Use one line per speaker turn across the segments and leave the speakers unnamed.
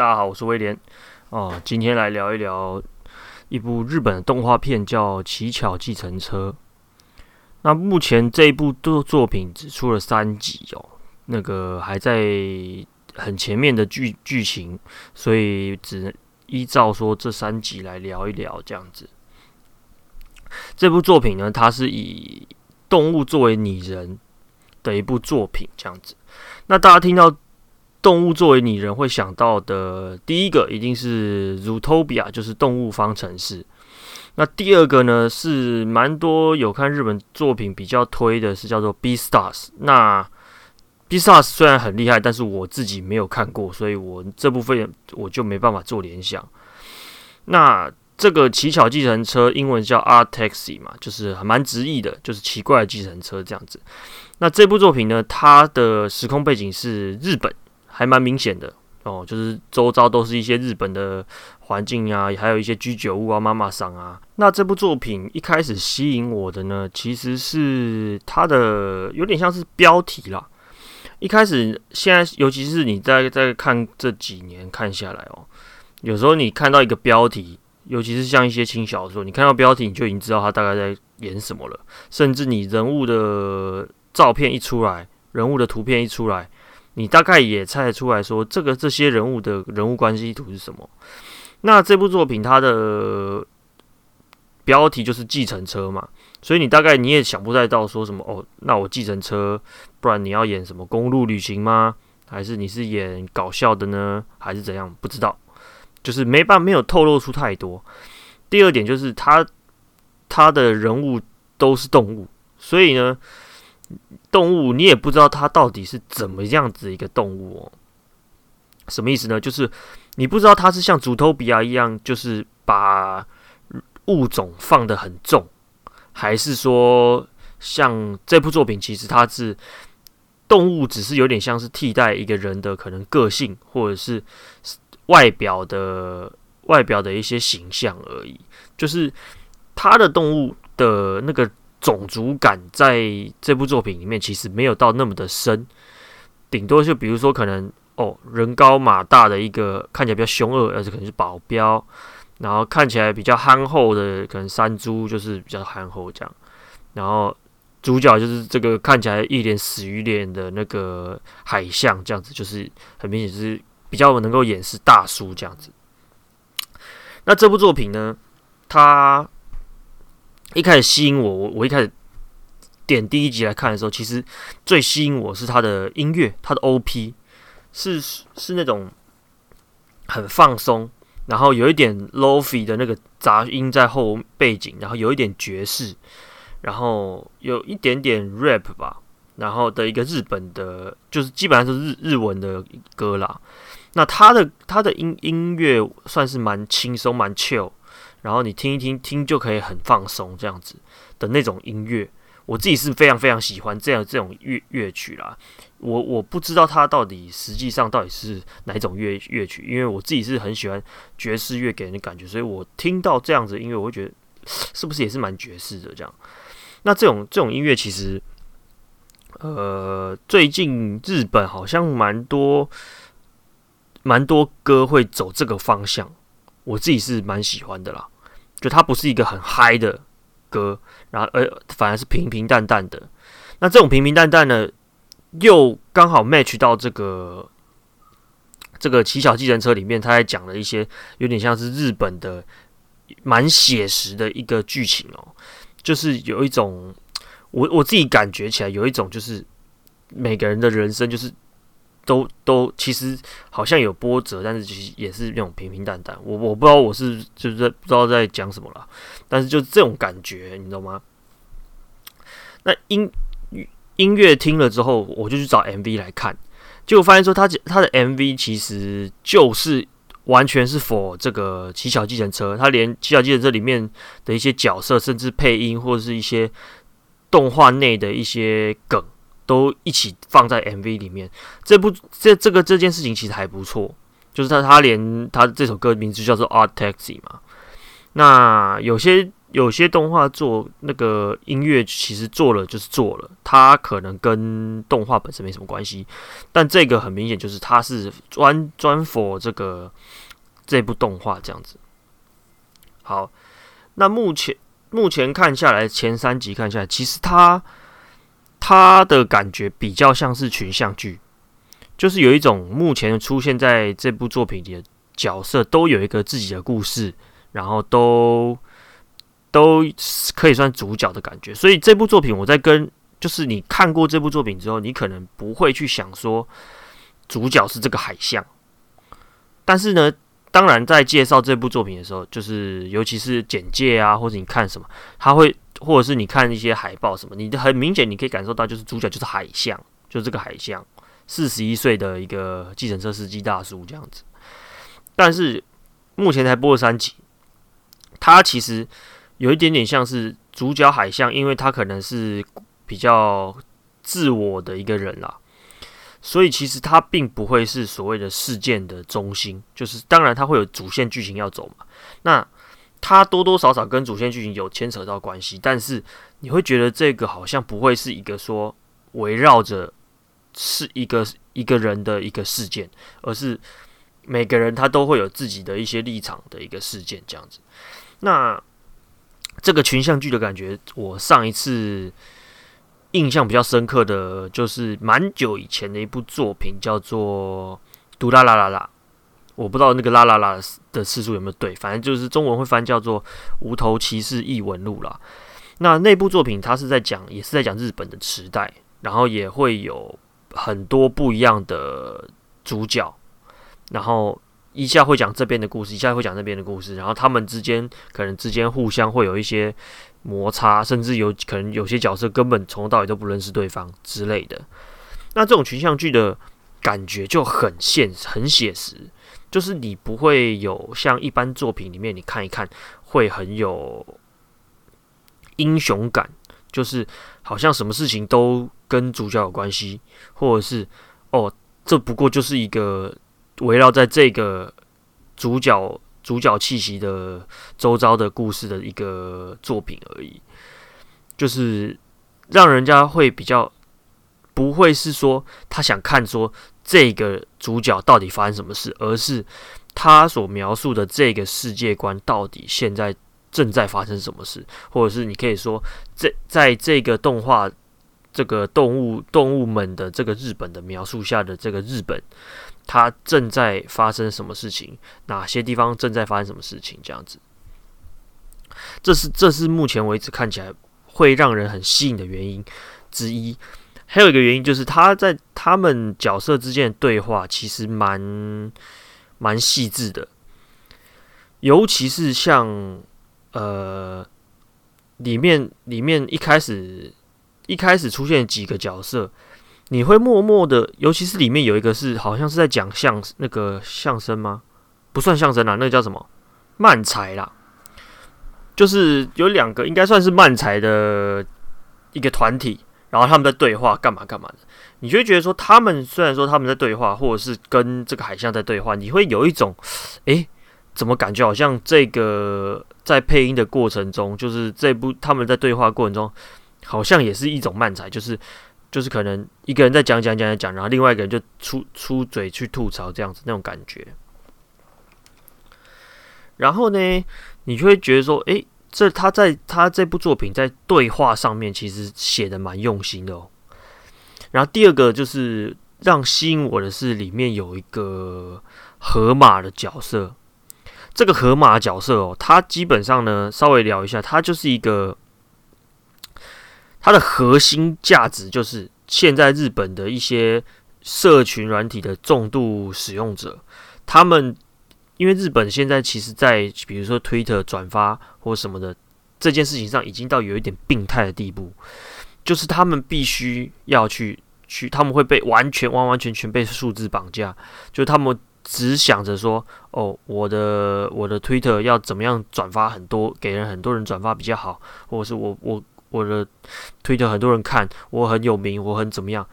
大家好，我是威廉，哦，今天來聊一聊一部日本的動畫片，叫《奇巧計程車》。那目前這一部作作品只出了三集哦，那個還在很前面的劇劇情，所以只能依照說這三集來聊一聊這樣子。這部作品呢，它是以動物作為擬人的一部作品這樣子。那大家聽到。動物作為擬人會想到的第一個一定是《Zootopia》，就是動物方城市。那第二個呢，是蠻多有看日本作品比較推的是叫做《BEASTARS》。那《BEASTARS》雖然很厲害，但是我自己沒有看過，所以我這部分我就沒辦法做聯想。那這個奇巧計程車英文叫《ODD TAXI》嘛，就是還蠻直譯的，就是奇怪的計程車這樣子。那這部作品呢，它的時空背景是日本。還蠻明顯的哦，就是周遭都是一些日本的環境啊，還有一些居酒屋啊、媽媽桑啊。那這部作品一開始吸引我的呢，其實是它的有點像是標題啦。一開始，現在尤其是你在在看這幾年看下來哦，有時候你看到一個標題，尤其是像一些輕小說，你看到標題你就已經知道它大概在演什麼了，甚至你人物的照片一出來，人物的圖片一出來。你大概也猜得出來說，這個這些人物的人物關係圖是什麼？那這部作品它的標題就是計程車嘛，所以你大概你也想不太到說什麼哦，那我計程車，不然你要演什麼公路旅行嗎？還是你是演搞笑的呢？還是怎樣？不知道，就是沒辦法沒有透露出太多。第二點就是他他的人物都是動物，所以呢。動物，你也不知道它到底是怎麼樣子一個動物、喔、什麼意思呢？就是你不知道它是像《Zootopia》一樣，就是把物種放得很重，還是說像這部作品，其實它是動物，只是有點像是替代一個人的可能個性，或者是外表的外表的一些形象而已。就是它的動物的那個。種族感在這部作品裡面其實沒有到那麼的深，頂多就比如說可能哦人高馬大的一個看起來比較兇惡，而且可能是保鏢，然後看起來比較憨厚的可能山豬就是比較憨厚這樣，然後主角就是這個看起來一臉死魚臉的那個海象這樣子，就是很明顯是比較能夠掩飾大叔這樣子。那這部作品呢，它。一開始吸引我，我我一開始點第一集來看的時候，其實最吸引我是他的音樂，他的 OP 是是那種很放鬆，然後有一點 lofi 的那個雜音在後背景，然後有一點爵士，然後有一點點 rap 吧，然後的一個日本的，就是基本上是日日文的歌啦。那他的他的音音樂算是蠻輕鬆，蠻 chill。然後你聽一聽，聽就可以很放鬆，這樣子的那種音樂，我自己是非常非常喜歡這樣這種樂樂曲啦。我我不知道它到底實際上到底是哪種樂樂曲，因為我自己是很喜歡爵士樂給人的感覺，所以我聽到這樣子音樂，我會覺得是不是也是蠻爵士的這樣。那這種這種音樂其實，呃，最近日本好像蠻多蠻多歌會走這個方向。我自己是蠻喜歡的啦，就他它不是一個很嗨的歌，然後呃，反而是平平淡淡的。那這種平平淡淡呢，又剛好 match 到這個這個奇巧計程車裡面，他還講了一些有點像是日本的蠻寫實的一個劇情哦，就是有一種我我自己感覺起來有一種就是每個人的人生就是。都都其實好像有波折，但是其實也是那種平平淡淡。我我不知道我是就是不知道在講什麼了，但是就是這種感覺，你知道嗎？那音音樂聽了之後，我就去找 MV 來看，就發現說他他的 MV 其實就是完全是 for 這個奇巧計程車，他連奇巧計程車裡面的一些角色，甚至配音或者是一些動畫內的一些梗。都一起放在 MV 裡面，這部這這個這件事情其實還不錯，就是他他連他這首歌名字叫做 Odd Taxi 嘛。那有些有些動畫做那個音樂，其實做了就是做了，它可能跟動畫本身沒什麼關係。但這個很明顯就是它是專專 for 這個這部動畫這樣子。好，那目前目前看下來，前三集看下來，其實它。他的感覺比較像是群像劇，就是有一種目前出現在這部作品裡的角色都有一個自己的故事，然後都都可以算主角的感覺。所以這部作品，我在跟就是你看過這部作品之後，你可能不會去想說主角是這個海象，但是呢，當然在介紹這部作品的時候，就是尤其是簡介啊，或者你看什麼，他會。或者是你看一些海報什麼，你很明顯你可以感受到，就是主角就是海象，就這個海象，四十一歲的一個計程車司機大叔這樣子。但是目前才播了三集，他其實有一點點像是主角海象，因為他可能是比較自我的一個人啦，所以其實他並不會是所謂的事件的中心，就是當然他會有主線劇情要走嘛，那。它多多少少跟主線劇情有牽扯到關係，但是你會覺得這個好像不會是一個說圍繞着是一個一個人的一個事件，而是每個人他都會有自己的一些立場的一個事件這樣子。那這個群像劇的感覺，我上一次印象比較深刻的就是蠻久以前的一部作品，叫做《嘟啦啦啦啦》。我不知道那個啦啦啦的次數有沒有對，反正就是中文會翻叫做《無頭騎士異聞錄》啦。那那部作品它是在講，也是在講日本的池袋，然後也會有很多不一樣的主角，然後一下會講這邊的故事，一下會講那邊的故事，然後他們之間可能之間互相會有一些摩擦，甚至有可能有些角色根本從頭到尾都不認識對方之類的。那這種群像劇的感覺就很現實，很寫實。就是你不會有像一般作品裡面，你看一看會很有英雄感，就是好像什麼事情都跟主角有關係，或者是哦，這不過就是一個圍繞在這個主角、主角氣息的周遭的故事的一個作品而已，就是讓人家會比較不會是說他想看說。這個主角到底發生什麼事，而是他所描述的這個世界觀到底現在正在發生什麼事，或者是你可以說，這，在這個動畫、這個動物、動物們的這個日本的描述下的這個日本，它正在發生什麼事情，哪些地方正在發生什麼事情，這樣子，這是這是目前為止看起來會讓人很吸引的原因之一。還有一個原因就是，他在他們角色之間的對話其實蠻蠻細緻的，尤其是像呃裡面裡面一開始一開始出現幾個角色，你會默默的，尤其是裡面有一個是好像是在講相那個相聲嗎？不算相聲啦，那個叫什麼？漫才啦，就是有兩個應該算是漫才的一個團體。然後他們在對話，幹嘛幹嘛的，你就會覺得說，他們雖然說他們在對話，或者是跟這個海象在對話，你會有一種，哎，怎麼感覺好像這個在配音的過程中，就是這部他們在對話過程中，好像也是一種漫才，就是就是可能一個人在講講講講，然後另外一個人就出出嘴去吐槽這樣子那種感覺。然後呢，你就會覺得說，哎。這他在他這部作品在對話上面其實寫得蠻用心的哦。然後第二個就是讓吸引我的是裡面有一個河馬的角色，這個河馬角色哦，它基本上呢，稍微聊一下，它就是一個它的核心價值就是現在日本的一些社群軟體的重度使用者，他們。因為日本現在其實，在比如說推特轉發或什麼的這件事情上，已經到有一點病態的地步，就是他們必須要去去，他們會被完全完完全全被數字綁架，就他們只想着說：“哦，我的我的推特要怎麼樣轉發很多，給人很多人轉發比較好，或者是我我我的推特很多人看，我很有名，我很怎麼樣？”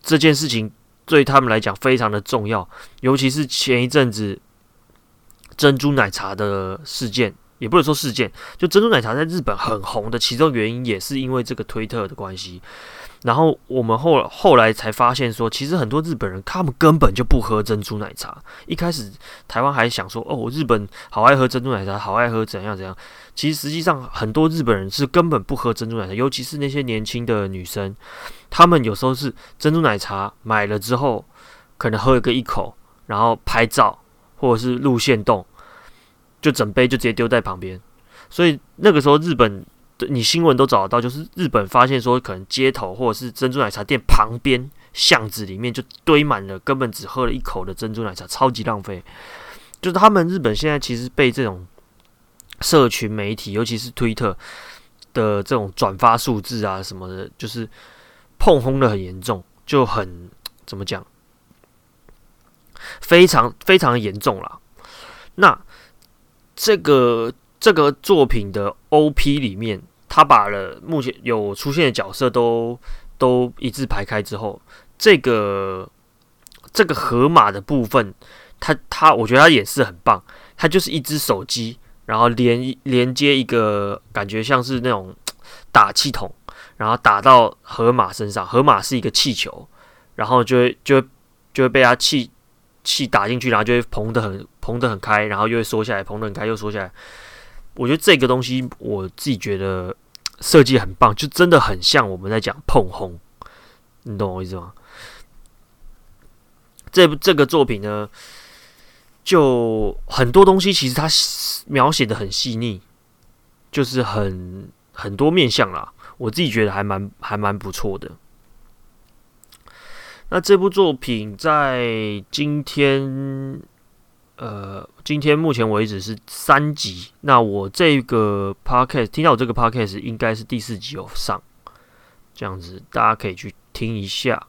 這件事情。對他們來講非常的重要，尤其是前一陣子珍珠奶茶的事件，也不能說事件，就珍珠奶茶在日本很紅的，其中原因也是因為這個推特的關係。然後我們後後來才發現說，其實很多日本人他們根本就不喝珍珠奶茶。一開始台灣還想說，哦，日本好愛喝珍珠奶茶，好愛喝怎樣怎樣。其實實際上很多日本人是根本不喝珍珠奶茶，尤其是那些年輕的女生，她們有時候是珍珠奶茶買了之後，可能喝一個一口，然後拍照或者是錄限動，就整杯就直接丟在旁邊。所以那個時候日本。你新聞都找得到，就是日本發現說，可能街頭或者是珍珠奶茶店旁邊巷子裡面就堆滿了，根本只喝了一口的珍珠奶茶，超級浪費。就是他們日本現在其實被這種社群媒體，尤其是推特的這種轉發數字啊什麼的，就是碰轟得很嚴重，就很怎麼講，非常非常嚴重啦。那這個這個作品的 OP 裡面。他把了目前有出現的角色都都一字排開之後，這個這個河馬的部分，他他我覺得他演示很棒，他就是一支手機，然後連連接一個感覺像是那種打氣筒，然後打到河馬身上，河馬是一個氣球，然後就會就就會被它氣氣打進去，然後就會膨得很膨得很開，然後又會縮下來，膨得很開又縮下來。我覺得這個東西，我自己覺得設計很棒，就真的很像我們在講碰轟，你懂我意思嗎？這部這個作品呢，就很多東西其實它描寫的很細膩，就是很很多面向啦，我自己覺得還蠻還蠻不錯的。那這部作品在今天。呃，今天目前為止是三集，那我這個 Podcast 聽到我這個 Podcast 應該是第四集有、哦、上，這樣子大家可以去聽一下，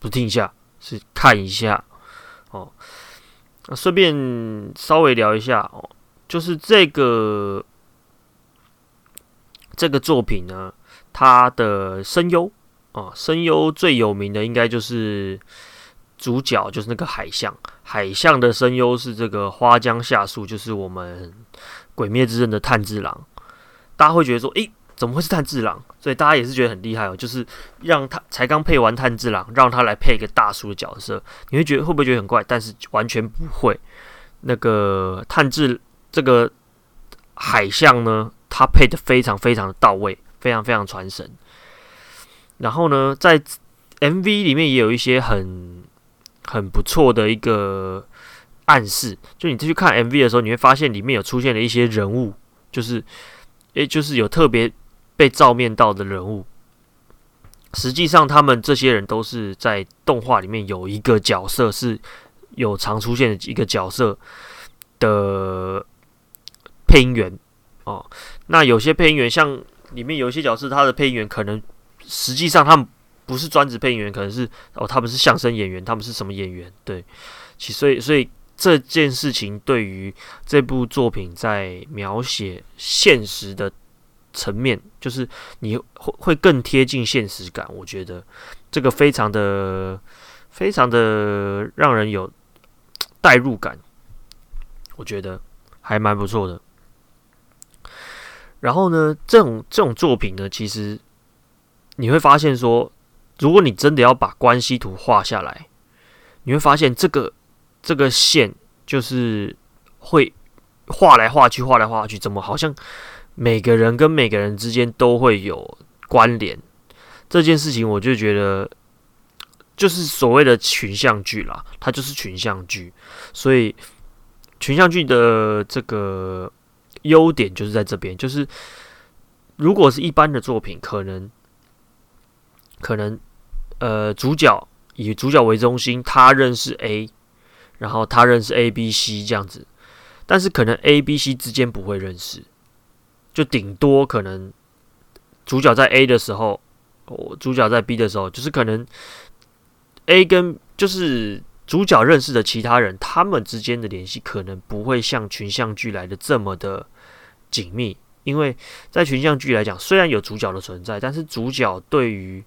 不聽一下是看一下哦。啊、順便稍微聊一下哦，就是這個這個作品呢，它的聲優啊，哦、聲優最有名的應該就是。主角就是那個海象，海象的聲優是這個花江夏樹，就是我們《鬼滅之刃》的炭治郎。大家會覺得說：“誒、欸，怎麼會是炭治郎？”所以大家也是覺得很厲害哦。就是讓他才剛配完炭治郎，讓他來配一個大叔的角色，你會覺得會不會覺得很怪？但是完全不會。那個炭治這個海象呢，他配得非常非常的到位，非常非常傳神。然後呢，在 MV 裡面也有一些很。很不錯的一個暗示，就你去看 MV 的時候，你會發現裡面有出現了一些人物，就是誒，就是有特別被照面到的人物。實際上，他們這些人都是在動畫裡面有一個角色，是有常出現的一個角色的配音員哦。那有些配音員，像裡面有些角色，他的配音員可能實際上他們。不是專職配音員，可能是哦，他們是相聲演員，他們是什麼演員？對，其所以所以這件事情對於這部作品在描寫現實的層面，就是你會會更貼近現實感，我覺得這個非常的非常的讓人有代入感，我覺得還蠻不錯的。然後呢，這種這種作品呢，其實你會發現說。如果你真的要把關係圖畫下來，你會發現這個這個線就是會畫來畫去，畫來畫去，怎麼好像每個人跟每個人之間都會有關聯？這件事情我就覺得就是所謂的群像劇啦，它就是群像劇，所以群像劇的這個優點就是在這邊，就是如果是一般的作品，可能。可能，呃，主角以主角為中心，他認識 A，然後他認識 A、B、C 這樣子，但是可能 A、B、C 之間不會認識，就頂多可能主角在 A 的時候，哦，主角在 B 的時候，就是可能 A 跟就是主角認識的其他人，他們之間的聯繫可能不會像群像劇來得這麼的緊密。因為在群像劇來講，雖然有主角的存在，但是主角對於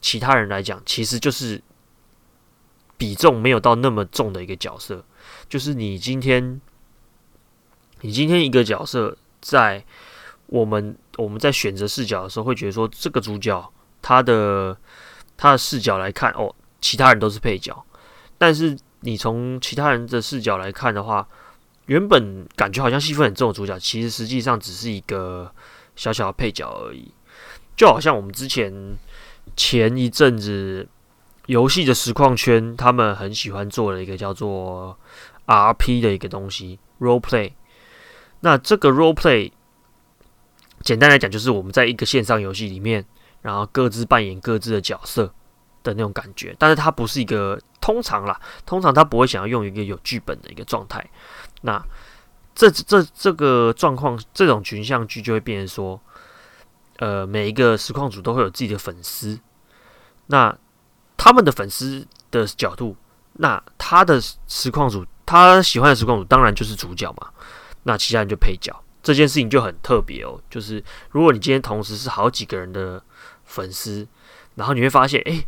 其他人來講，其實就是比重沒有到那麼重的一個角色。就是你今天，你今天一個角色，在我們我們在選擇視角的時候，會覺得說這個主角他的他的視角來看，哦，其他人都是配角。但是你從其他人的視角來看的話，原本感覺好像戲份很重的主角，其實實際上只是一個小小的配角而已。就好像我們之前前一陣子遊戲的實況圈，他們很喜歡做的一個叫做 R P 的一個東西，Role Play。那這個 Role Play 簡單來講，就是我們在一個線上遊戲裡面，然後各自扮演各自的角色的那種感覺。但是它不是一個通常啦，通常他不會想要用一個有劇本的一個狀態。那這這這個狀況，這種群像劇就會變成說，呃，每一個實況主都會有自己的粉絲。那他們的粉絲的角度，那他的實況主，他喜歡的實況主當然就是主角嘛。那其他人就配角，這件事情就很特別哦。就是如果你今天同時是好幾個人的粉絲，然後你會發現，哎，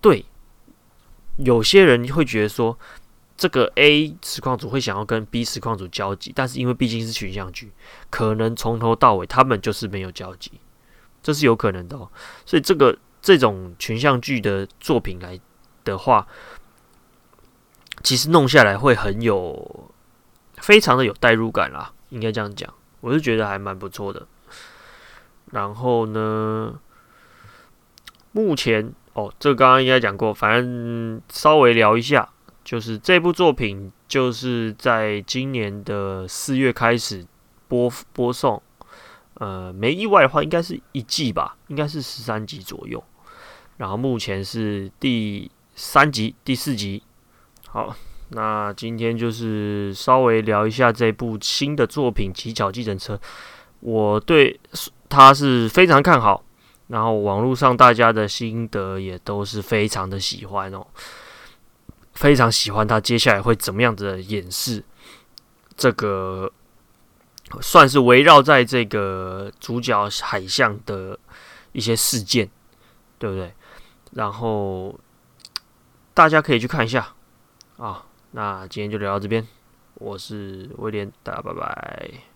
對，有些人會覺得說。這個 A 實況主會想要跟 B 實況主交集，但是因為畢竟是群像劇，可能從頭到尾他們就是沒有交集，這是有可能的哦。所以這個這種群像劇的作品來的話，其實弄下來會很有，非常的有代入感啦，應該這樣講，我是覺得還蠻不錯的。然後呢，目前哦，這個剛剛應該講過，反正稍微聊一下。就是這部作品，就是在今年的四月開始播播送，呃，沒意外的話，應該是一季吧，應該是十三集左右。然後目前是第三集、第四集。好，那今天就是稍微聊一下這部新的作品《奇巧計程車》，我對它是非常看好，然後網絡上大家的心得也都是非常的喜歡哦。非常喜歡他接下來會怎麼樣子的演示這個，算是圍繞在這個主角海象的一些事件，對不對？然後大家可以去看一下啊。那今天就聊到這邊，我是威廉，大家拜拜。